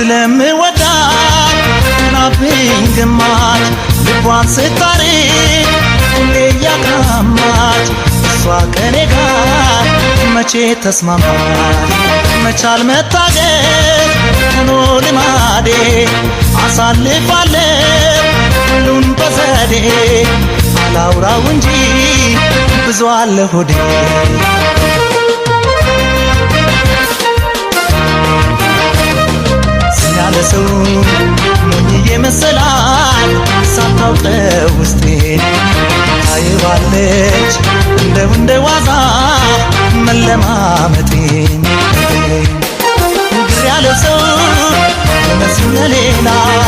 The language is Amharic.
ስለምወዳት ናብኝ ግማች ልቧን ስታሪ ሁሌ እያቃማች እሷ ከኔ ጋር መቼ ተስማማች መቻል መታገት ሆኖ ልማዴ አሳልፋለሁ ሁሉን በዘዴ አላውራው እንጂ ብዙ አለ ሰው ሞኝ የመሰላት ሳታውቀው ውስጤን ታየዋለች እንደው እንደ ዋዛ መለማመጤን ግር ያለ ሰው መሲለ